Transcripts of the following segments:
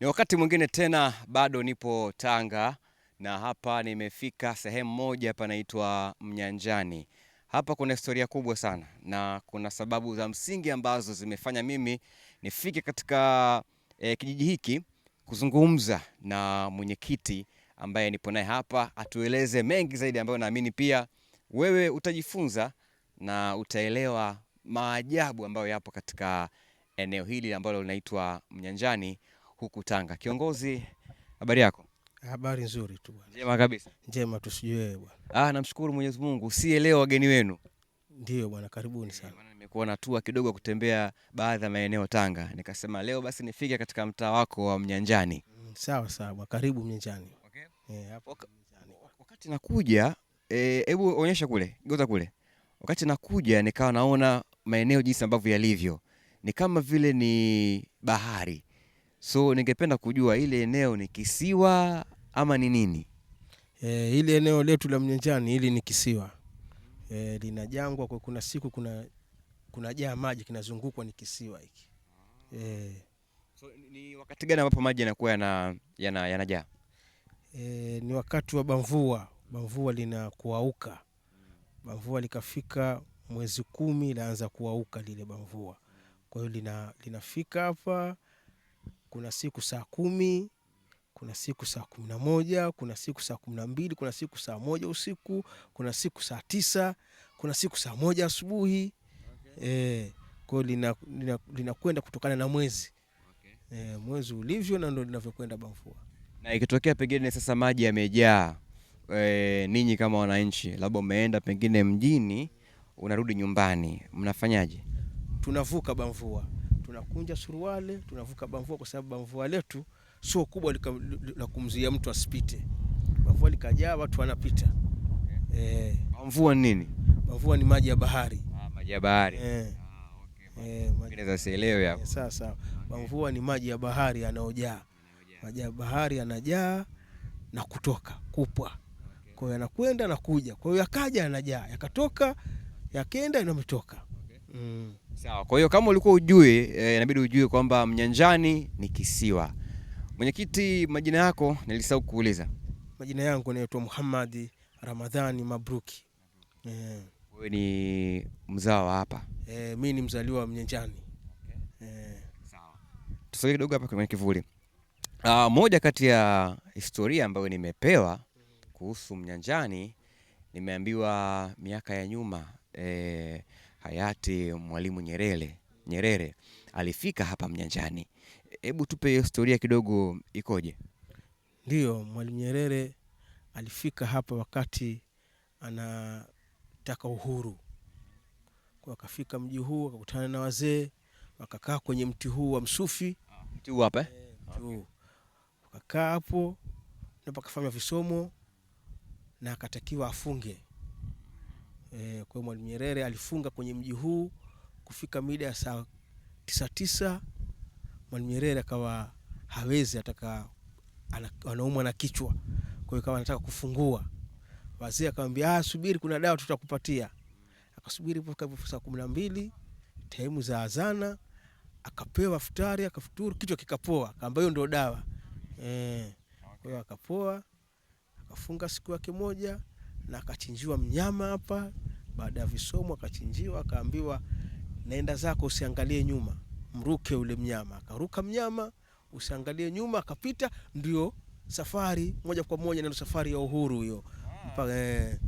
Ni wakati mwingine tena, bado nipo Tanga na hapa nimefika sehemu moja panaitwa Mnyanjani. Hapa kuna historia kubwa sana na kuna sababu za msingi ambazo zimefanya mimi nifike katika e, kijiji hiki kuzungumza na mwenyekiti ambaye nipo naye hapa, atueleze mengi zaidi ambayo naamini pia wewe utajifunza na utaelewa maajabu ambayo yapo katika eneo hili ambalo linaitwa Mnyanjani huku Tanga. Kiongozi, habari yako? Habari nzuri tu bwana. Njema kabisa. Njema tusijiwe bwana. Ah, namshukuru Mwenyezi Mungu. Si leo wageni wenu. Ndio bwana, karibuni sana. Bwana, nimekuwa na tua kidogo kutembea baadhi ya maeneo Tanga, nikasema leo basi nifike katika mtaa wako wa Mnyanjani. Mm, sawa sawa, karibu Mnyanjani. Okay. Yeah, hapo Waka, Mnyanjani. wakati nakuja eh, hebu onyesha kule, geuza kule. Wakati nakuja nikawa naona maeneo jinsi ambavyo yalivyo, ni kama vile ni bahari So ningependa kujua ile eneo ni kisiwa ama ni nini? E, ile eneo letu la Mnyanjani hili ni kisiwa e, lina jangwa kwa kuna siku kuna kuna jaa maji kinazungukwa ni kisiwa hiki e. So, ni wakati gani ambapo maji yanakuwa yanajaa yana, yana e, ni wakati wa bamvua bamvua linakuauka bamvua likafika mwezi kumi laanza kuauka lile bamvua kwa hiyo lina, linafika hapa kuna siku saa kumi, kuna siku saa kumi na moja, kuna siku saa kumi na mbili, kuna siku saa moja usiku, kuna siku saa tisa, kuna siku saa moja asubuhi okay. E, eh, kwao linakwenda lina, lina kutokana na mwezi okay. E, mwezi ulivyo na ndo linavyokwenda Bamvua. Na ikitokea pengine sasa maji yamejaa, e, ninyi kama wananchi labda umeenda pengine mjini unarudi nyumbani, mnafanyaje? Tunavuka Bamvua tunakunja suruale, tunavuka bamvua, kwa sababu bamvua letu sio kubwa la kumzuia mtu asipite. Bamvua likajaa watu wanapita. Eh, bamvua ni nini? Bamvua ni maji ya bahari. Ah, maji ya bahari. Eh. Ah, eh, eh, sawa sawa. Bamvua ni maji ya bahari yanayojaa, maji ya bahari yanajaa na kutoka kupwa, kwa hiyo yanakwenda na kuja, kwa hiyo yakaja yanajaa, yakatoka, yakenda, yanametoka. Mm. Sawa. Kwa hiyo kama ulikuwa ujue, eh, inabidi e, ujue kwamba Mnyanjani ni kisiwa. Mwenyekiti, majina yako nilisahau kuuliza. Majina yangu naitwa Muhammad Ramadhani Mabruki. Eh. Wewe ni mzawa hapa? Eh, mimi ni mzaliwa wa Mnyanjani. Okay. Eh. Sawa. Tusogee kidogo hapa kwenye kivuli. Uh, moja kati ya historia ambayo nimepewa kuhusu Mnyanjani nimeambiwa miaka ya nyuma eh, hayati Mwalimu Nyerere Nyerere alifika hapa Mnyanjani. Hebu tupe hiyo historia kidogo, ikoje? Ndiyo, Mwalimu Nyerere alifika hapa wakati anataka uhuru, kwa akafika mji huu akakutana na wazee, wakakaa kwenye mti huu wa msufi. Mti huu hapa eh, wakakaa hapo na pakafanya visomo na akatakiwa afunge E, kwa Mwalimu Nyerere alifunga kwenye mji huu kufika mida ya saa tisa tisa, Mwalimu Nyerere akawa hawezi ataka anaumwa na kichwa, kwa hiyo kama anataka kufungua, wazee akamwambia ah, subiri kuna dawa tutakupatia. Akasubiri mpaka saa kumi na mbili taimu za azana, akapewa futari, akafuturu, kichwa kikapoa, akaambia hiyo ndio dawa eh, kwa hiyo akapoa, akafunga siku yake moja na akachinjiwa mnyama hapa. Baada ya visomo akachinjiwa, akaambiwa naenda zako, usiangalie nyuma, mruke ule mnyama. Akaruka mnyama, usiangalie nyuma, akapita. Ndio safari moja kwa moja, ndio safari ya uhuru eh, hiyo mpaka eh.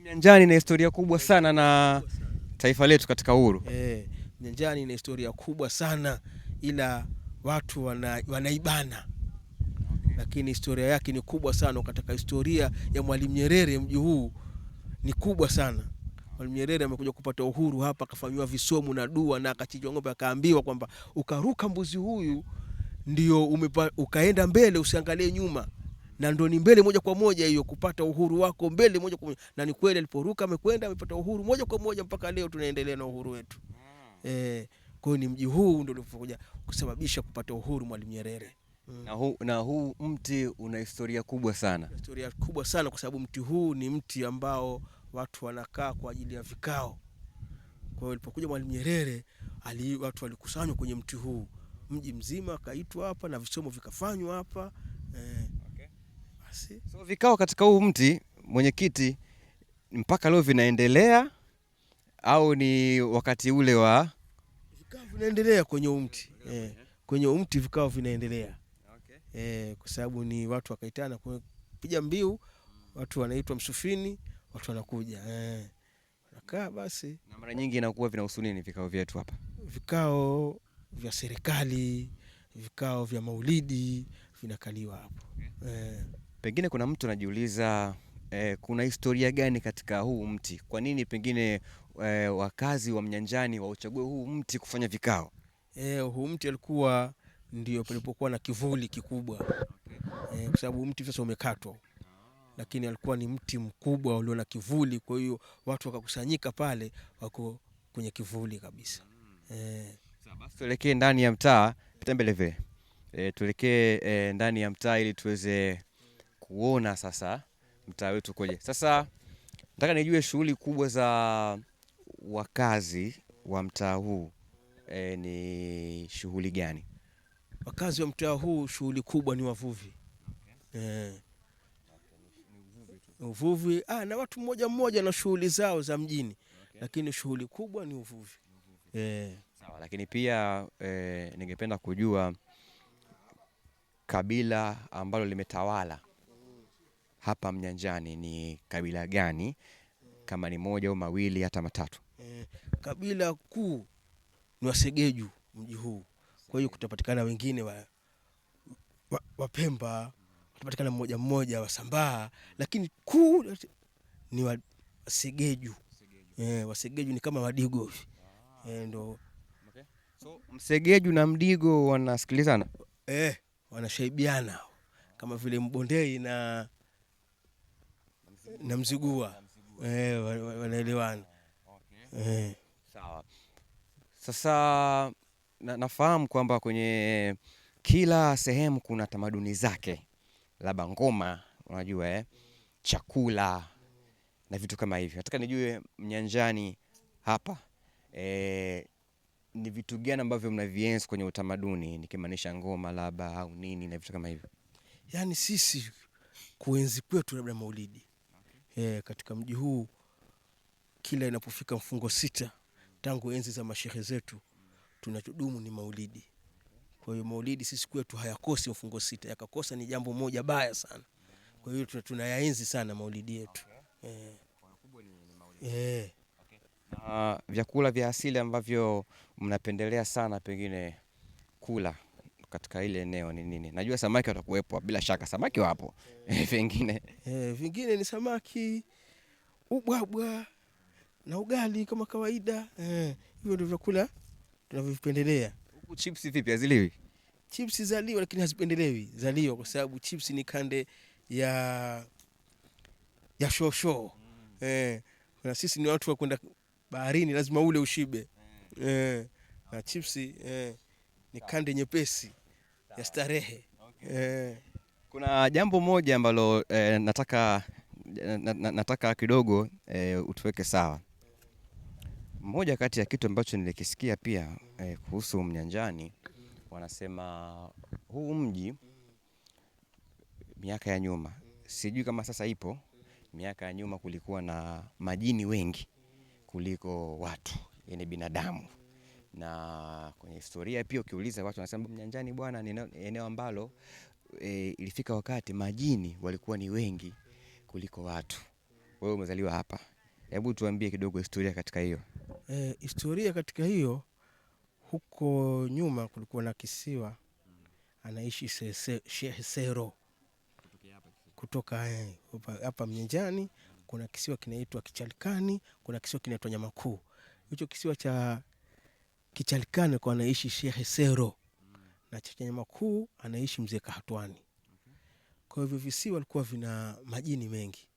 Mnyanjani na historia kubwa sana na taifa letu katika uhuru eh. Mnyanjani na historia kubwa sana ila watu wana, wanaibana lakini historia yake ni kubwa sana. Ukataka historia ya Mwalimu Nyerere, mji huu ni kubwa sana. Mwalimu Nyerere amekuja kupata uhuru hapa, akafanyiwa visomo na dua na akachinjwa ng'ombe, akaambiwa kwamba ukaruka mbuzi huyu ndio umepa, ukaenda mbele, usiangalie nyuma na ndo ni mbele moja kwa moja hiyo kupata uhuru wako mbele moja kwa moja. Na ni kweli aliporuka amekwenda amepata uhuru moja kwa moja mpaka leo tunaendelea na uhuru wetu. Eh, kwa hiyo ni mji huu ndio ulivyokuja kusababisha kupata uhuru Mwalimu Nyerere mm. na, huu, na huu mti una historia kubwa sana, historia kubwa sana kwa sababu mti huu ni mti ambao watu wanakaa kwa ajili ya vikao. Kwa hiyo ilipokuja Mwalimu Nyerere ali, watu walikusanywa kwenye mti huu, mji mzima akaitwa hapa na visomo vikafanywa hapa eh, okay. so vikao katika huu mti mwenyekiti, mpaka leo vinaendelea au ni wakati ule wa vikao vinaendelea kwenye umti eh, kwenye umti vikao vinaendelea e, kwa sababu ni watu wakaitana kupiga mbiu, watu wanaitwa msufini, watu wanakuja e, wanakaa basi. Na mara nyingi inakuwa vinahusu nini vikao vyetu hapa? Vikao vya serikali, vikao vya maulidi vinakaliwa hapo e. Pengine kuna mtu anajiuliza Eh, kuna historia gani katika huu mti? Kwa nini pengine eh, wakazi wa Mnyanjani wauchague huu mti kufanya vikao? Eh, huu mti alikuwa ndio palipokuwa na kivuli kikubwa okay. Eh, e, kwa sababu mti sasa umekatwa Lakini alikuwa ni mti mkubwa ulio na kivuli, kwa hiyo watu wakakusanyika pale, wako kwenye kivuli kabisa mm. E. Basi tuelekee ndani ya mtaa tembeleve e, eh, tuelekee e, ndani ya mtaa ili tuweze kuona sasa mtaa wetu koje. Sasa nataka nijue shughuli kubwa za wakazi wa mtaa huu e, ni shughuli gani? Wakazi wa mtaa huu shughuli kubwa ni wavuvi okay. Eh. E, uvuvi ah, na watu mmoja mmoja na shughuli zao za mjini okay. Lakini shughuli kubwa ni uvuvi e. Sawa, lakini pia e, ningependa kujua kabila ambalo limetawala hapa Mnyanjani ni kabila gani, kama ni moja au mawili hata matatu? E, kabila kuu ni Wasegeju mji huu kwa hiyo kutapatikana wengine wa, Wapemba wa kutapatikana mmoja mmoja Wasambaa, lakini kuu ni Wasegeju. Eh, Wasegeju ni kama Wadigo hivi Yeah, eh, ndo okay. So Msegeju na Mdigo wanasikilizana eh, wanashaibiana kama vile Mbondei na na Mzigua eh, wanaelewana okay. Eh. Sawa, sasa na, nafahamu kwamba kwenye kila sehemu kuna tamaduni zake, labda ngoma, unajua eh, chakula na vitu kama hivyo. Nataka nijue Mnyanjani hapa e, ni vitu gani ambavyo mnavienzi kwenye utamaduni, nikimaanisha ngoma labda au nini na vitu kama hivyo? Yani sisi kuenzi kwetu labda Maulidi E, katika mji huu kila inapofika mfungo sita tangu enzi za mashehe zetu tunachodumu ni maulidi. Kwa hiyo maulidi sisi kwetu hayakosi mfungo sita, yakakosa ni jambo moja baya sana. Kwa hiyo tunayaenzi sana maulidi yetu. Okay. Eh. eh. Okay. Na vyakula vya asili ambavyo mnapendelea sana pengine kula katika ile eneo ni nini? Najua samaki watakuwepo, bila shaka samaki wapo. Eh, vingine eh, vingine ni samaki, ubwabwa na ugali kama kawaida. Eh, hivyo ndio vyakula tunavyovipendelea. Huku chips vipi, haziliwi? Chips zaliwa, lakini hazipendelewi. Zaliwa kwa sababu chips ni kande ya ya shosho mm. Eh, na sisi ni watu wa kwenda baharini, lazima ule ushibe mm. Eh, na chips eh, ni kande nyepesi ya starehe okay. Eh, kuna jambo moja ambalo eh, nataka eh, nataka kidogo eh, utuweke sawa moja kati ya kitu ambacho nilikisikia pia eh, kuhusu Mnyanjani wanasema huu mji miaka ya nyuma, sijui kama sasa ipo. Miaka ya nyuma kulikuwa na majini wengi kuliko watu, yani binadamu. Na kwenye historia pia ukiuliza watu wanasema Mnyanjani bwana ni eneo ambalo eh, ilifika wakati majini walikuwa ni wengi kuliko watu. Wewe umezaliwa hapa, hebu tuambie kidogo historia katika hiyo. E, historia katika hiyo, huko nyuma kulikuwa na kisiwa anaishi Shehe Sero kutoka eh, hapa eh, Mnyenjani. Kuna kisiwa kinaitwa Kichalikani, kuna kisiwa kinaitwa Nyamakuu. Hicho kisiwa cha Kichalikani kwa anaishi Shehe Sero na cha Nyamakuu anaishi mzee Kahatwani. Kwa hivyo visiwa walikuwa vina majini mengi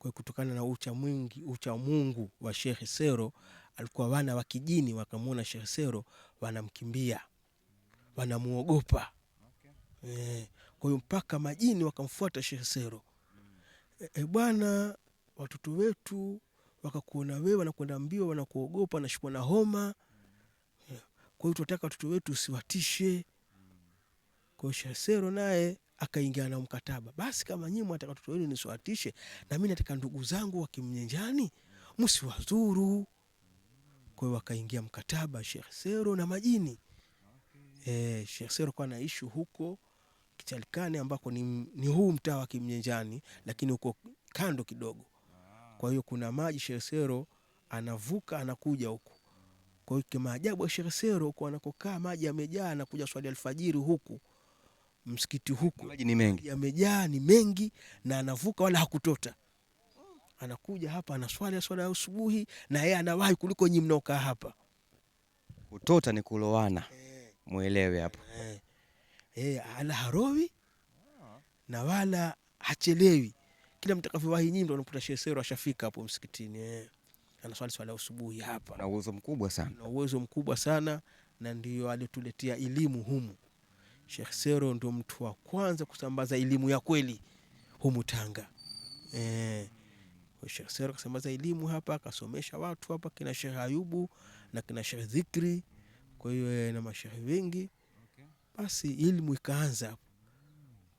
kwa kutokana na ucha mwingi, ucha Mungu wa Sheikh Sero, alikuwa wana wa kijini wakamwona Sheikh Sero wanamkimbia, wanamuogopa okay. Eh, e, kwa hiyo mpaka majini wakamfuata Sheikh Sero. E, e, bwana watoto wetu wakakuona wewe, wanakwenda mbio, wanakuogopa, wanashikwa na homa. Eh, kwa hiyo tunataka watoto wetu usiwatishe. Kwa hiyo Sheikh Sero naye akaingia na mkataba, basi kama nyinyi mwataka watoto wenu niswatishe, na mimi nataka ndugu zangu wa kimnyanjani msiwazuru. Kwa hiyo wakaingia mkataba Sheikh Sero na majini. Eh, Sheikh Sero kwa naishi huko Kichalikani ambako ni, ni huu mtaa wa kimnyanjani, lakini huko kando kidogo. Kwa hiyo kuna maji Sheikh Sero anavuka anakuja huku. Kwa hiyo kimaajabu Sheikh Sero huko anakokaa maji yamejaa, anakuja swali alfajiri huku msikiti huku maji ni mengi, yamejaa ni mengi, na anavuka wala hakutota. Anakuja hapa anaswali swala ya asubuhi, na yeye anawahi kuliko nyinyi mnaokaa hapa. Kutota ni kulowana, eh. mwelewe hapo eh. Eh, ala harowi na wala hachelewi, kila mtakavyowahi nyinyi ndio unakuta Sheikh Sero ashafika hapo msikitini eh. Anaswali swala ya usubuhi hapa, na uwezo mkubwa sana, na uwezo mkubwa sana, na ndio alituletea elimu humu. Sheikh Sero ndio mtu wa kwanza kusambaza elimu ya kweli humu Tanga. Eh, Sheikh Sero kasambaza elimu hapa, akasomesha watu hapa kina Sheikh Ayubu na kina Sheikh Zikri, kwa hiyo na mashehe wengi, basi elimu ikaanza.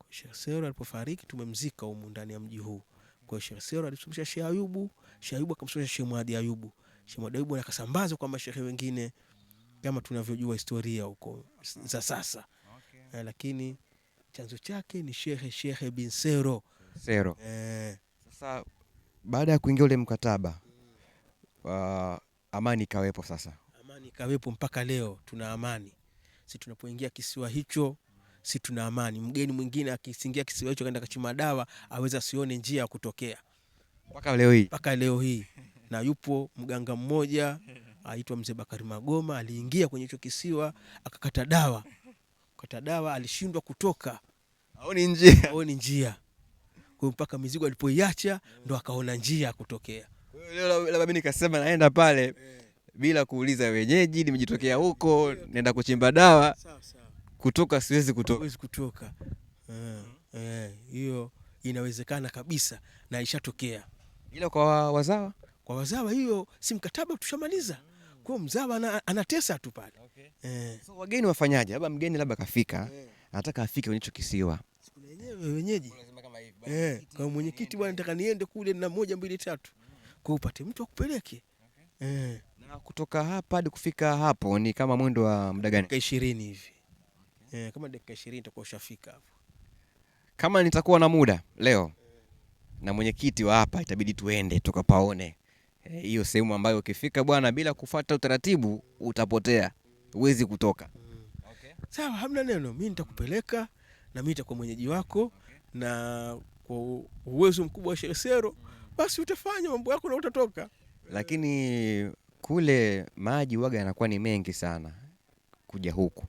Sheikh Sero alipofariki tumemzika humu ndani ya mji huu. Kwa hiyo Sheikh Sero alisomesha Sheikh Ayubu, Sheikh Ayubu akamsomesha Sheikh Mwadi Ayubu, Sheikh Mwadi Ayubu akasambaza kwa mashehe wengine kama tunavyojua historia huko za sasa eh, lakini chanzo chake ni Shehe Shehe bin Sero Sero. Eh, sasa baada ya kuingia ule mkataba uh, amani ikawepo. Sasa amani ikawepo mpaka leo tuna amani, si tunapoingia kisiwa hicho si tuna amani. Mgeni mwingine akisingia kisiwa hicho kaenda kachuma dawa aweza asione njia ya kutokea mpaka leo hii, mpaka leo hii. Na yupo mganga mmoja aitwa Mzee Bakari Magoma aliingia kwenye hicho kisiwa akakata dawa dawa alishindwa kutoka, aoni njia, aoni njia, kwa mpaka mizigo alipoiacha ndo akaona njia ya kutokea. Leo labda mimi nikasema naenda pale eh. bila kuuliza wenyeji, nimejitokea huko, naenda kuchimba dawa, kutoka siwezi kutoka, siwezi kutoka. Eh, eh, hiyo inawezekana kabisa na ishatokea, ila kwa wazawa, kwa wazawa hiyo si mkataba, tushamaliza kwa mzawa anatesa tu pale okay. Eh. So, wageni wafanyaje? Labda mgeni labda kafika eh, anataka afike kwenye hicho kisiwa wenyewe wenyeji eh, kwa mwenyekiti bwana, nataka niende kule na moja mbili tatu, mm. kwa upate mtu akupeleke okay. Eh. Na kutoka hapa hadi kufika hapo ni kama mwendo wa muda gani? Dakika 20 hivi okay. Eh, kama dakika 20 nitakuwa ushafika hapo. Kama nitakuwa na muda leo eh, na mwenyekiti wa hapa itabidi tuende tukapaone Eh, hiyo sehemu ambayo ukifika bwana, bila kufata utaratibu utapotea, huwezi kutoka. Okay. Sawa, hamna neno, mi nitakupeleka na mi nitakuwa mwenyeji wako. Okay. na kwa uwezo mkubwa wa Shelesero basi utafanya mambo yako na utatoka. Lakini kule maji waga yanakuwa ni mengi sana kuja huku,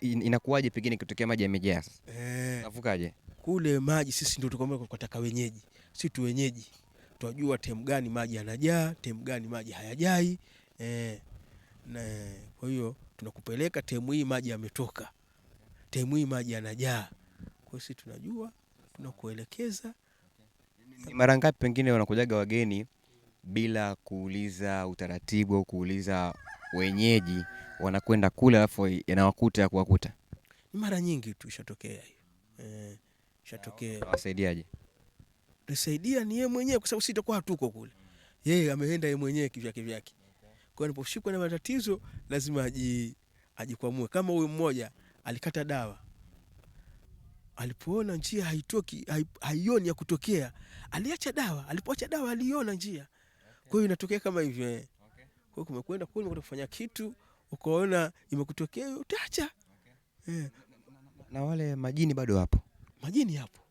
inakuwaje pengine ikitokea maji yamejaa? Eh, kule maji? Sisi ndio tukataka wenyeji, si tu wenyeji tutajua temu gani maji yanajaa, temu gani maji hayajai e, na kwa hiyo tunakupeleka temu hii maji yametoka, temu hii maji yanajaa. Kwa hiyo sisi tunajua tunakuelekeza. Ni mara ngapi pengine wanakujaga wageni bila kuuliza utaratibu au kuuliza wenyeji, wanakwenda kule alafu yanawakuta ya kuwakuta? Ni mara nyingi tu ishatokea hiyo e, ishatokea. Wasaidiaje? nisaidia ni yeye mwenyewe, kwa sababu sisi tutakuwa hatuko kule, yeye ameenda yeye mwenyewe kivyake vyake. Kwa hiyo anaposhikwa na matatizo lazima aji ajikwamue. Kama huyo mmoja alikata dawa, alipoona njia haitoki haioni ya kutokea, aliacha dawa. Alipoacha dawa, aliona njia. Kwa hiyo inatokea kama hivyo eh. Kwa hiyo kumekwenda kule kwa kufanya kitu ukaona imekutokea utaacha. Okay. Yeah. Na, na, na, na wale majini bado hapo, majini hapo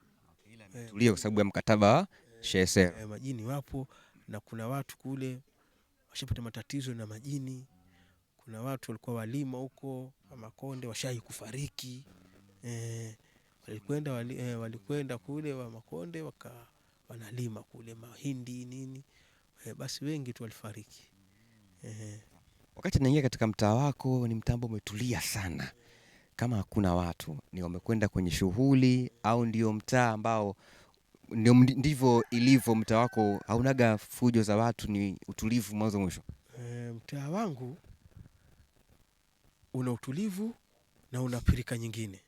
ametulia eh. kwa sababu ya mkataba wa Shesera. Eh, majini wapo na kuna watu kule washapata matatizo na majini. Kuna watu walikuwa walima huko Makonde washai kufariki e, walikwenda wali, e, walikwenda kule wa Makonde waka wanalima kule mahindi nini e, basi wengi tu walifariki e. Wakati naingia katika mtaa wako, ni mtaa ambao umetulia sana kama hakuna watu ni wamekwenda kwenye shughuli, au ndio mtaa ambao ndivyo ilivyo mtaa wako, haunaga fujo za watu, ni utulivu mwanzo mwisho? E, mtaa wangu una utulivu na una pirika nyingine,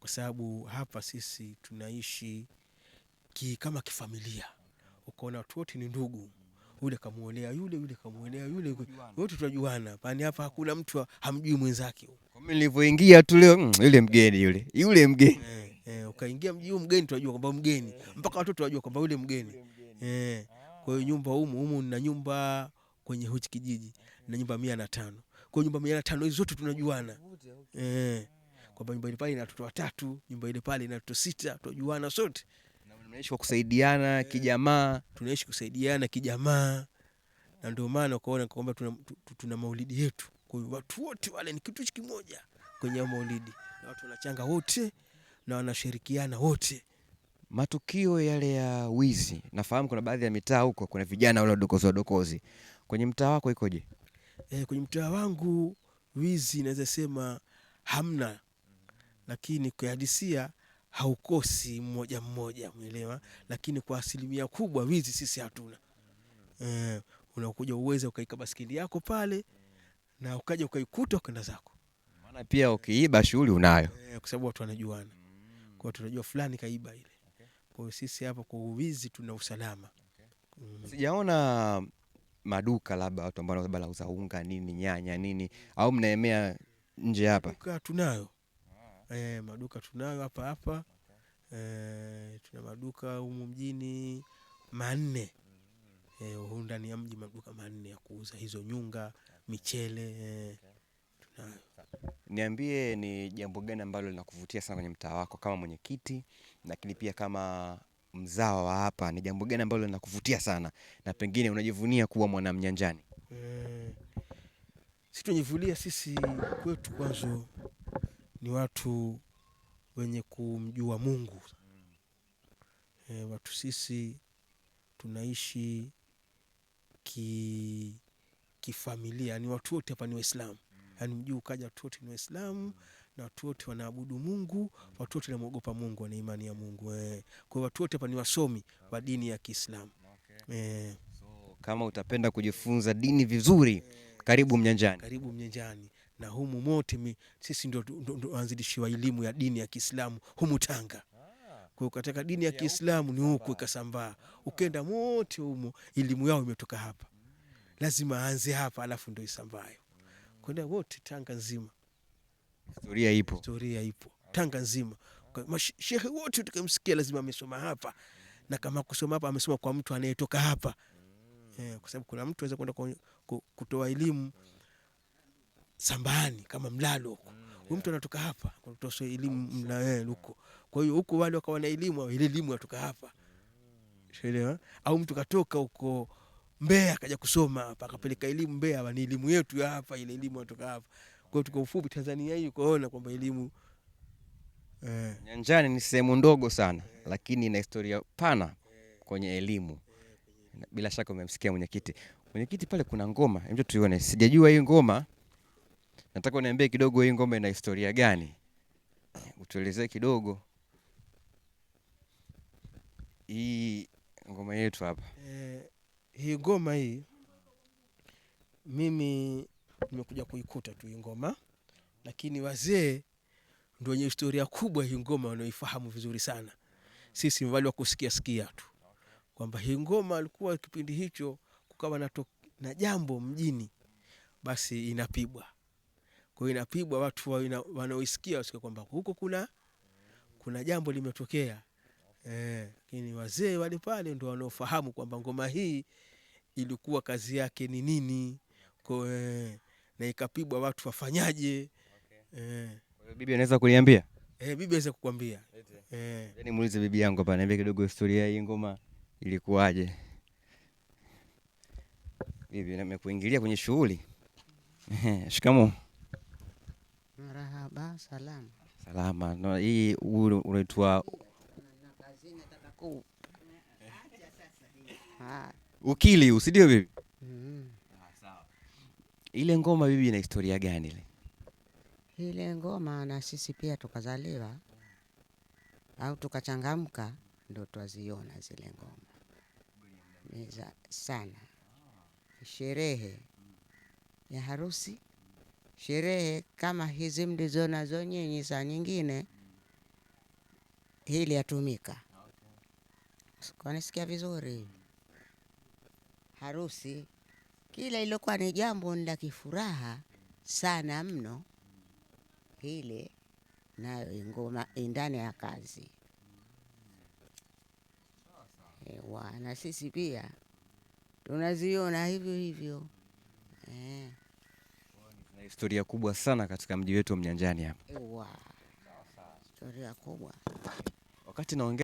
kwa sababu hapa sisi tunaishi ki, kama kifamilia, ukaona watu wote ni ndugu yule kamuonea yule, yule kamuonea yule, wote tunajuana. Pani hapa hakuna mtu hamjui mwenzake. Kwa mimi nilivyoingia tu leo, mm, yule mgeni yule, yule mgeni eh, eh, ukaingia mji huu mgeni, tunajua kwamba mgeni, mpaka watoto wajua kwamba yule mgeni eh. Kwa hiyo nyumba humu humu na nyumba kwenye huchi kijiji na nyumba mia na tano kwa nyumba mia na tano hizo zote tunajuana eh, kwamba nyumba ile pale ina watoto watatu, nyumba ile pale ina watoto sita, tunajuana sote tunaishi kwa kusaidiana eh. kijamaa, tunaishi kusaidiana kijamaa, na ndio maana ukaona kwamba tuna, tuna maulidi yetu. Kwa hiyo watu wote wale ni kitu kimoja kwenye maulidi, na watu wanachanga wote na wanashirikiana wote. Matukio yale ya wizi, nafahamu kuna baadhi ya mitaa huko kuna vijana wale wadokozi wadokozi. Kwenye mtaa wako ikoje? E, kwenye mtaa wangu wizi naweza sema hamna, lakini kuhadisia haukosi mmoja mmoja, umeelewa? Lakini kwa asilimia kubwa wizi sisi hatuna. Eh, unakuja uweze ukaika baskeli yako pale na ukaja ukaikuta ukaenda zako, maana pia ukiiba shughuli unayo eh, kwa sababu watu wanajuana, kwa tunajua fulani kaiba ile. Kwa sisi hapa kwa uwizi tuna usalama. Mm. Sijaona maduka labda watu ambao labda lauza unga nini nyanya nini, au mnaemea nje hapa? tunayo E, maduka tunayo hapa hapa e, tuna maduka humu mjini manne e, eh, huu ndani ya mji maduka manne ya kuuza hizo nyunga, michele e, tunayo. Niambie, ni jambo gani ambalo linakuvutia sana kwenye mtaa wako kama mwenyekiti, lakini pia kama mzawa wa hapa, ni jambo gani ambalo linakuvutia sana na pengine unajivunia kuwa mwanamnyanjani? E, si tunajivunia sisi kwetu kwanza ni watu wenye kumjua Mungu. E, watu sisi tunaishi ki kifamilia, yani watu wote hapa ni Waislamu, yani mjuu ukaja, watu wote ni Waislamu na watu wote wanaabudu Mungu, watu wote wanamwogopa Mungu, wana imani ya Mungu e. Kwa watu wote hapa ni wasomi wa dini ya Kiislamu e. So, kama utapenda kujifunza dini vizuri, karibu Mnyanjani, karibu Mnyanjani na humu mote mi, sisi ndo waanzilishiwa elimu ya dini ya Kiislamu humu Tanga. Ah. Kwa hiyo katika dini ya Kiislamu ni huku ikasambaa, ukenda mote humo elimu yao imetoka hapa, hmm. lazima aanze hapa, alafu ndo isambayo kwenda wote Tanga nzima. Historia ipo, historia ipo Tanga nzima. Mashehe wote tukamsikia lazima amesoma hapa, na kama kusoma hapa amesoma kwa mtu anayetoka hapa hmm. eh, kwa sababu kuna mtu aweza kwenda kutoa elimu Sambani kama mlalo huko mm, huyu Mtu anatoka hapa kutoa elimu mna huko, kwa hiyo huko wale wakawa na elimu, au ile elimu anatoka hapa Shelewa. Mm. Au mtu katoka huko Mbeya akaja kusoma hapa akapeleka mm. elimu Mbeya, ni elimu yetu ya hapa, ile elimu anatoka hapa. Kwa hiyo tuko ufupi Tanzania hii ukaona kwamba elimu eh, nyanjani ni sehemu ndogo sana eh, lakini ina historia pana eh. kwenye elimu eh. Bila shaka umemsikia mwenyekiti. Eh. Mwenyekiti pale kuna ngoma, hebu tuione, sijajua hii ngoma Nataka uniambie kidogo hii ngoma ina historia gani? Utuelezee kidogo hii ngoma yetu hapa. Eh, hii ngoma hii mimi nimekuja kuikuta tu hii ngoma, lakini wazee ndio wenye historia kubwa hii ngoma wanaoifahamu vizuri sana. Sisi mbali wa kusikia sikia tu kwamba hii ngoma alikuwa kipindi hicho kukawa na, na jambo mjini, basi inapibwa kwa hiyo inapigwa watu wanaoisikia wasikie kwamba huko kuna kuna jambo limetokea. Eh, lakini e, wazee wale pale ndio wanaofahamu kwamba ngoma hii ilikuwa kazi yake ni nini kwa, eh, na ikapigwa watu wafanyaje? Okay. eh. Bibi anaweza kuniambia eh, bibi aweza kukwambia eh. Yani muulize bibi yangu hapa, niambie kidogo historia hii ngoma ilikuwaje. Bibi nimekuingilia kwenye shughuli. Shikamoo. Marahaba, salama. Salama. No, hii unaitwa ukili usidio bibi? Mm-hmm. Ile ngoma bibi ina historia gani ile? Ile ngoma na sisi pia tukazaliwa au tukachangamka ndo twaziona zile ngoma meza sana, sherehe ya harusi sherehe kama hizi mlizonazo nyinyi saa nyingine hili yatumika. Kanisikia vizuri, harusi, kila ilokuwa ni jambo la kifuraha sana mno, hili nayo ingoma indani ya kazi ewa, na sisi pia tunaziona hivyo hivyo eh na historia kubwa sana katika mji wetu wa Mnyanjani hapa. Wow. Historia kubwa. Wakati naongea